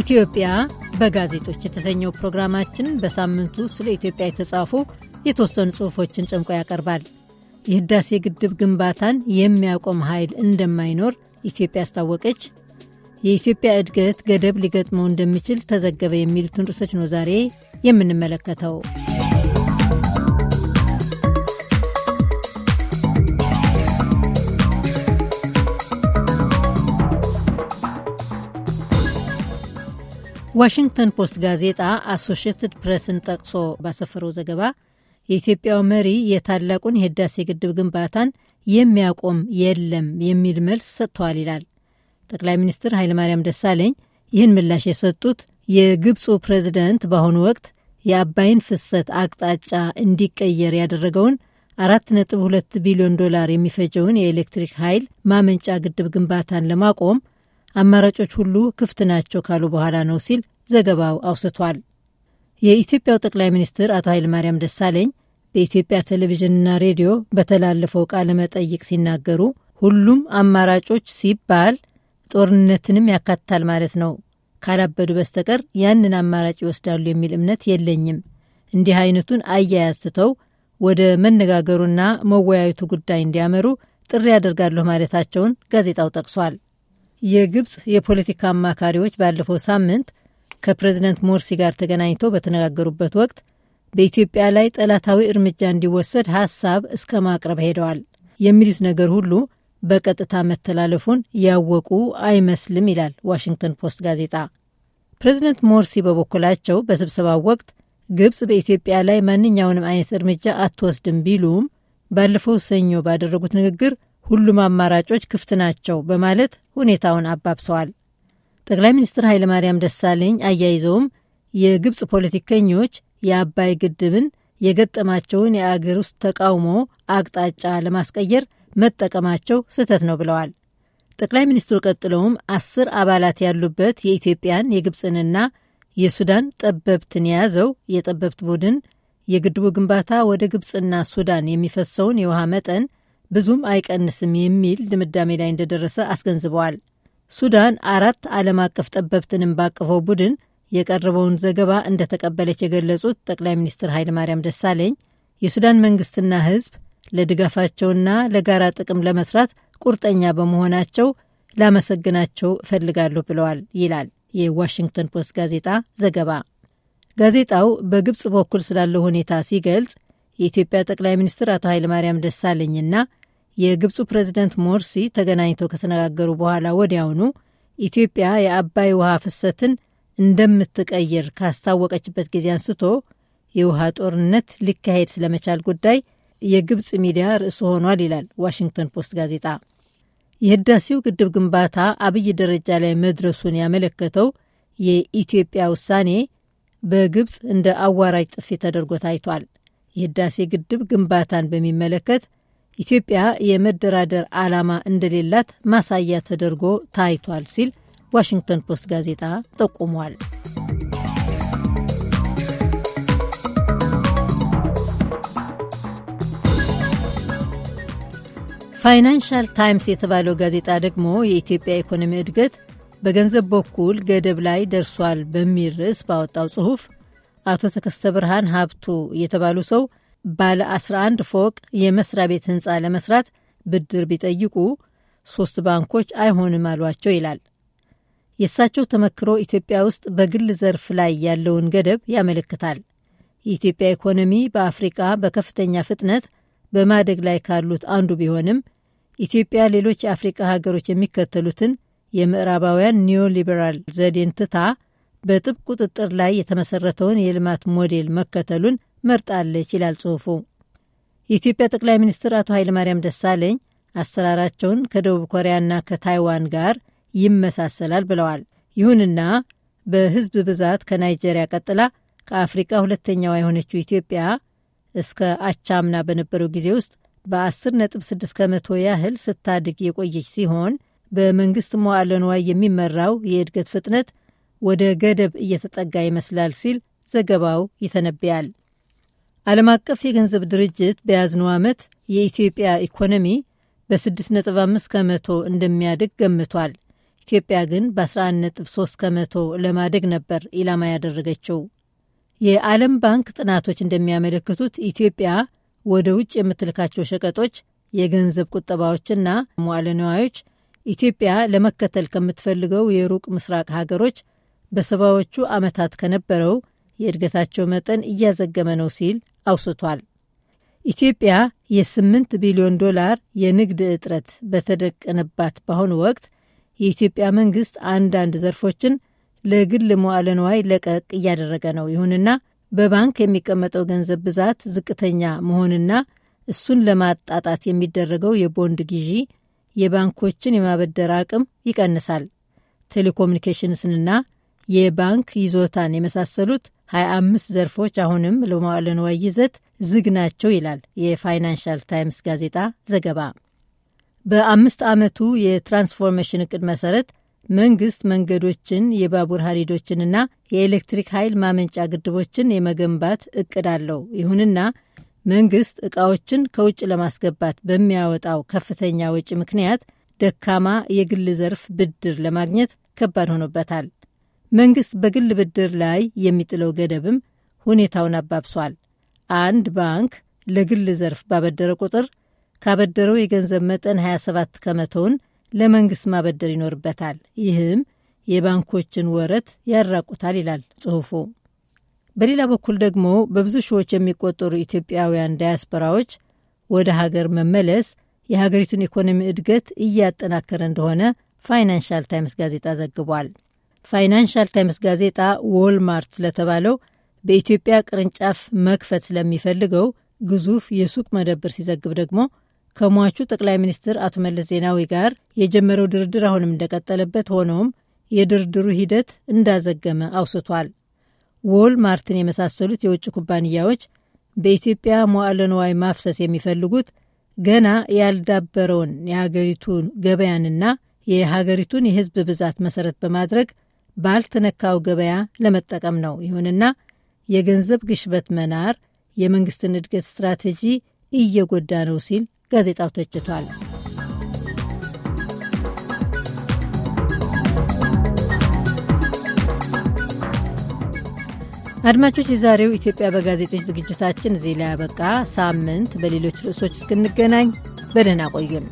ኢትዮጵያ በጋዜጦች የተሰኘው ፕሮግራማችን በሳምንቱ ስለ ኢትዮጵያ የተጻፉ የተወሰኑ ጽሑፎችን ጨምቆ ያቀርባል። የህዳሴ ግድብ ግንባታን የሚያቆም ኃይል እንደማይኖር ኢትዮጵያ አስታወቀች፣ የኢትዮጵያ እድገት ገደብ ሊገጥመው እንደሚችል ተዘገበ የሚሉትን ርዕሶች ነው ዛሬ የምንመለከተው። ዋሽንግተን ፖስት ጋዜጣ አሶሽትድ ፕሬስን ጠቅሶ ባሰፈረው ዘገባ የኢትዮጵያው መሪ የታላቁን የህዳሴ ግድብ ግንባታን የሚያቆም የለም የሚል መልስ ሰጥተዋል ይላል። ጠቅላይ ሚኒስትር ኃይለማርያም ደሳለኝ ይህን ምላሽ የሰጡት የግብፁ ፕሬዚደንት በአሁኑ ወቅት የአባይን ፍሰት አቅጣጫ እንዲቀየር ያደረገውን 4.2 ቢሊዮን ዶላር የሚፈጀውን የኤሌክትሪክ ኃይል ማመንጫ ግድብ ግንባታን ለማቆም አማራጮች ሁሉ ክፍት ናቸው ካሉ በኋላ ነው ሲል ዘገባው አውስቷል። የኢትዮጵያው ጠቅላይ ሚኒስትር አቶ ኃይለማርያም ደሳለኝ በኢትዮጵያ ቴሌቪዥንና ሬዲዮ በተላለፈው ቃለ መጠይቅ ሲናገሩ ሁሉም አማራጮች ሲባል ጦርነትንም ያካትታል ማለት ነው። ካላበዱ በስተቀር ያንን አማራጭ ይወስዳሉ የሚል እምነት የለኝም። እንዲህ አይነቱን አያያዝ ትተው ወደ መነጋገሩና መወያየቱ ጉዳይ እንዲያመሩ ጥሪ ያደርጋለሁ ማለታቸውን ጋዜጣው ጠቅሷል። የግብፅ የፖለቲካ አማካሪዎች ባለፈው ሳምንት ከፕሬዚደንት ሞርሲ ጋር ተገናኝተው በተነጋገሩበት ወቅት በኢትዮጵያ ላይ ጠላታዊ እርምጃ እንዲወሰድ ሀሳብ እስከ ማቅረብ ሄደዋል። የሚሉት ነገር ሁሉ በቀጥታ መተላለፉን ያወቁ አይመስልም ይላል ዋሽንግተን ፖስት ጋዜጣ። ፕሬዚደንት ሞርሲ በበኩላቸው በስብሰባው ወቅት ግብፅ በኢትዮጵያ ላይ ማንኛውንም አይነት እርምጃ አትወስድም ቢሉም ባለፈው ሰኞ ባደረጉት ንግግር ሁሉም አማራጮች ክፍት ናቸው በማለት ሁኔታውን አባብሰዋል። ጠቅላይ ሚኒስትር ኃይለማርያም ደሳለኝ አያይዘውም የግብፅ ፖለቲከኞች የአባይ ግድብን የገጠማቸውን የአገር ውስጥ ተቃውሞ አቅጣጫ ለማስቀየር መጠቀማቸው ስህተት ነው ብለዋል። ጠቅላይ ሚኒስትሩ ቀጥለውም አስር አባላት ያሉበት የኢትዮጵያን የግብፅንና የሱዳን ጠበብትን የያዘው የጠበብት ቡድን የግድቡ ግንባታ ወደ ግብፅና ሱዳን የሚፈሰውን የውሃ መጠን ብዙም አይቀንስም የሚል ድምዳሜ ላይ እንደደረሰ አስገንዝበዋል። ሱዳን አራት ዓለም አቀፍ ጠበብትንም ባቀፈው ቡድን የቀረበውን ዘገባ እንደተቀበለች የገለጹት ጠቅላይ ሚኒስትር ኃይለማርያም ደሳለኝ የሱዳን መንግስትና ህዝብ ለድጋፋቸውና ለጋራ ጥቅም ለመስራት ቁርጠኛ በመሆናቸው ላመሰግናቸው እፈልጋለሁ ብለዋል ይላል የዋሽንግተን ፖስት ጋዜጣ ዘገባ። ጋዜጣው በግብፅ በኩል ስላለው ሁኔታ ሲገልጽ የኢትዮጵያ ጠቅላይ ሚኒስትር አቶ ኃይለማርያም ደሳለኝና የግብፁ ፕሬዚደንት ሞርሲ ተገናኝተው ከተነጋገሩ በኋላ ወዲያውኑ ኢትዮጵያ የአባይ ውሃ ፍሰትን እንደምትቀይር ካስታወቀችበት ጊዜ አንስቶ የውሃ ጦርነት ሊካሄድ ስለመቻል ጉዳይ የግብፅ ሚዲያ ርዕስ ሆኗል ይላል ዋሽንግተን ፖስት ጋዜጣ። የህዳሴው ግድብ ግንባታ አብይ ደረጃ ላይ መድረሱን ያመለከተው የኢትዮጵያ ውሳኔ በግብፅ እንደ አዋራጅ ጥፊ ተደርጎ ታይቷል። የህዳሴ ግድብ ግንባታን በሚመለከት ኢትዮጵያ የመደራደር ዓላማ እንደሌላት ማሳያ ተደርጎ ታይቷል ሲል ዋሽንግተን ፖስት ጋዜጣ ጠቁሟል። ፋይናንሻል ታይምስ የተባለው ጋዜጣ ደግሞ የኢትዮጵያ ኢኮኖሚ እድገት በገንዘብ በኩል ገደብ ላይ ደርሷል በሚል ርዕስ ባወጣው ጽሑፍ አቶ ተከስተ ብርሃን ሀብቱ የተባሉ ሰው ባለ 11 ፎቅ የመስሪያ ቤት ህንፃ ለመስራት ብድር ቢጠይቁ ሶስት ባንኮች አይሆንም አሏቸው ይላል። የእሳቸው ተመክሮ ኢትዮጵያ ውስጥ በግል ዘርፍ ላይ ያለውን ገደብ ያመለክታል። የኢትዮጵያ ኢኮኖሚ በአፍሪቃ በከፍተኛ ፍጥነት በማደግ ላይ ካሉት አንዱ ቢሆንም ኢትዮጵያ ሌሎች የአፍሪቃ ሀገሮች የሚከተሉትን የምዕራባውያን ኒዮሊበራል ዘዴን ትታ በጥብቅ ቁጥጥር ላይ የተመሰረተውን የልማት ሞዴል መከተሉን መርጣለች ይላል ጽሁፉ የኢትዮጵያ ጠቅላይ ሚኒስትር አቶ ኃይለማርያም ደሳለኝ አሰራራቸውን ከደቡብ ኮሪያና ከታይዋን ጋር ይመሳሰላል ብለዋል። ይሁንና በህዝብ ብዛት ከናይጄሪያ ቀጥላ ከአፍሪቃ ሁለተኛዋ የሆነችው ኢትዮጵያ እስከ አቻምና በነበረው ጊዜ ውስጥ በ10.6 ከመቶ ያህል ስታድግ የቆየች ሲሆን በመንግስት መዋለ ንዋይ የሚመራው የእድገት ፍጥነት ወደ ገደብ እየተጠጋ ይመስላል ሲል ዘገባው ይተነብያል። ዓለም አቀፍ የገንዘብ ድርጅት በያዝነው ዓመት የኢትዮጵያ ኢኮኖሚ በ6.5 ከመቶ እንደሚያድግ ገምቷል። ኢትዮጵያ ግን በ11.3 ከመቶ ለማደግ ነበር ኢላማ ያደረገችው። የዓለም ባንክ ጥናቶች እንደሚያመለክቱት ኢትዮጵያ ወደ ውጭ የምትልካቸው ሸቀጦች፣ የገንዘብ ቁጠባዎችና መዋለ ንዋዮች ኢትዮጵያ ለመከተል ከምትፈልገው የሩቅ ምስራቅ ሀገሮች በሰባዎቹ ዓመታት ከነበረው የእድገታቸው መጠን እያዘገመ ነው ሲል አውስቷል። ኢትዮጵያ የ8 ቢሊዮን ዶላር የንግድ እጥረት በተደቀነባት በአሁኑ ወቅት የኢትዮጵያ መንግስት አንዳንድ ዘርፎችን ለግል መዋዕለ ንዋይ ለቀቅ እያደረገ ነው። ይሁንና በባንክ የሚቀመጠው ገንዘብ ብዛት ዝቅተኛ መሆንና እሱን ለማጣጣት የሚደረገው የቦንድ ግዢ የባንኮችን የማበደር አቅም ይቀንሳል። ቴሌኮሙኒኬሽንስንና የባንክ ይዞታን የመሳሰሉት 25 ዘርፎች አሁንም ለመዋዕለ ንዋይ ይዘት ዝግ ናቸው ይላል የፋይናንሻል ታይምስ ጋዜጣ ዘገባ። በአምስት ዓመቱ የትራንስፎርሜሽን እቅድ መሰረት መንግስት መንገዶችን፣ የባቡር ሀዲዶችንና የኤሌክትሪክ ኃይል ማመንጫ ግድቦችን የመገንባት እቅድ አለው። ይሁንና መንግስት እቃዎችን ከውጭ ለማስገባት በሚያወጣው ከፍተኛ ወጪ ምክንያት ደካማ የግል ዘርፍ ብድር ለማግኘት ከባድ ሆኖበታል። መንግስት በግል ብድር ላይ የሚጥለው ገደብም ሁኔታውን አባብሷል። አንድ ባንክ ለግል ዘርፍ ባበደረ ቁጥር ካበደረው የገንዘብ መጠን 27 ከመቶውን ለመንግስት ማበደር ይኖርበታል። ይህም የባንኮችን ወረት ያራቁታል ይላል ጽሑፉ። በሌላ በኩል ደግሞ በብዙ ሺዎች የሚቆጠሩ ኢትዮጵያውያን ዳያስፖራዎች ወደ ሀገር መመለስ የሀገሪቱን ኢኮኖሚ እድገት እያጠናከረ እንደሆነ ፋይናንሻል ታይምስ ጋዜጣ ዘግቧል። ፋይናንሻል ታይምስ ጋዜጣ ዎልማርት ስለተባለው በኢትዮጵያ ቅርንጫፍ መክፈት ስለሚፈልገው ግዙፍ የሱቅ መደብር ሲዘግብ ደግሞ ከሟቹ ጠቅላይ ሚኒስትር አቶ መለስ ዜናዊ ጋር የጀመረው ድርድር አሁንም እንደቀጠለበት፣ ሆኖም የድርድሩ ሂደት እንዳዘገመ አውስቷል። ዎል ማርትን የመሳሰሉት የውጭ ኩባንያዎች በኢትዮጵያ መዋዕለ ንዋይ ማፍሰስ የሚፈልጉት ገና ያልዳበረውን የሀገሪቱን ገበያንና የሀገሪቱን የሕዝብ ብዛት መሰረት በማድረግ ባልተነካው ገበያ ለመጠቀም ነው። ይሁንና የገንዘብ ግሽበት መናር የመንግስትን እድገት ስትራቴጂ እየጎዳ ነው ሲል ጋዜጣው ተችቷል። አድማጮች፣ የዛሬው ኢትዮጵያ በጋዜጦች ዝግጅታችን እዚህ ላይ ያበቃ። ሳምንት በሌሎች ርዕሶች እስክንገናኝ በደህና ቆዩን።